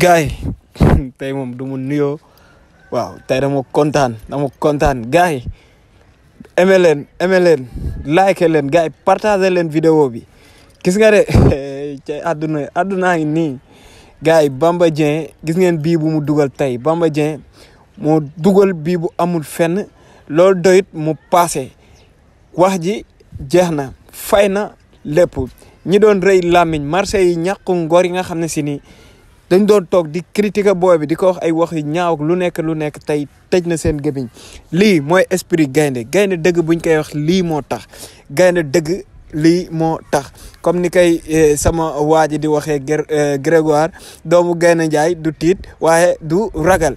gaay tey moom du mu nuyoo waaw tey dama kontaan dama yi aimé leen leen like leen gaay yi partagé leen vidéo bi gis nga de ca àdduna àddunaa ngi nii gaay yi Bamba Dieng gis ngeen bii bu mu dugal tey Bamba Dieng moo dugal bii bu amul fenn loolu doyit mu passé wax ji jeex na fay na lépp ñi doon rëy làmmiñ marché yi ñàkku ngor yi nga xam ne si nii dañ doon toog di critiquer booy bi di ko wax ay wax yu ñaaw lu nekk lu nekk tey tëj na seen gémmiñ lii mooy esprit gaynde gaynde dëgg buñ koy wax lii moo tax gaynde dëgg lii moo tax comme ni koy eh, sama waa ji di waxee eh, Grégoire doomu gaynde Njaay du tiit waaye du ragal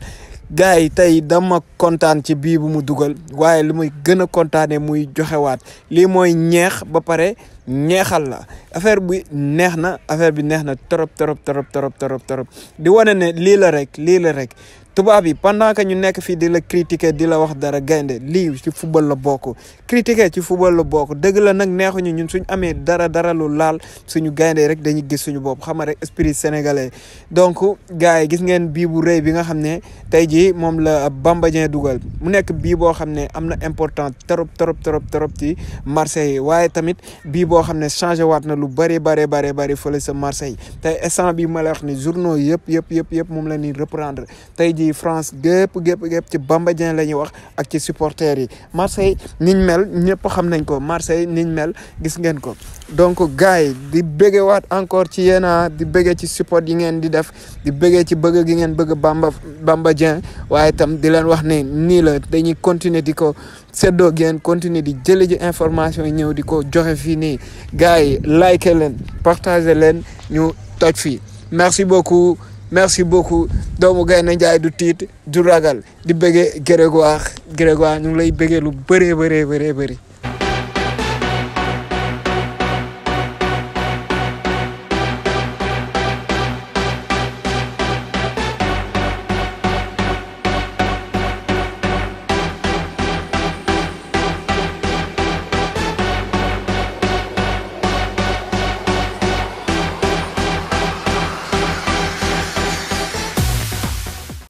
gars yi tey dama kontaan ci biir bu mu dugal waaye lu muy gën a kontaanee muy joxewaat lii mooy ñeex ba pare ñeexal la affaire bi neex na affaire bi neex na trop trop trop trop trop trop di wane ne lii la rek lii la rek tubaab yi pendant que ñu nekk fii di la critiquer di la wax dara gaynde lii ci football la bokk critiquer ci football la bokk dëgg la nag neexuñu ñun suñ amee dara dara lu laal suñu gaynde rek dañu gis suñu bopp xam nga rek esprit sénégalais donc gars yi gis ngeen bii bu rëy bi nga xam ne tey jii moom la Bamba dugal mu nekk bii boo xam ne am na important trop trop trop trop ci Marseille waaye tamit bii boo xam ne changé waat na lu bëree bare bare bëri fële sa Marseille tey instant bii ma la wax ni journaux yëpp yëpp yëpp yëpp moom la ñuy reprendre France Gep gep gep ci Bamba Dien la wax ak supporters Marseille niñ mel xam nañ ko Marseille niñ mel gis ngeen ko donc gars di encore ci yena ah, di bëggee ci support yi ngeen di def di ci bëgg gi ngeen bëgg Bamba Bamba Dieng vous di leen wax ni ni la dañuy continuer diko seddo ngeen continuer di information yi ñëw joxe gars like leen partager leen ñu toj merci beaucoup merci beaucoup doomu gaynde njaay du tiit du ragal di bëggee Grégoire Grégoire ñu ngi lay bëggee lu bëree bëree bëree bëri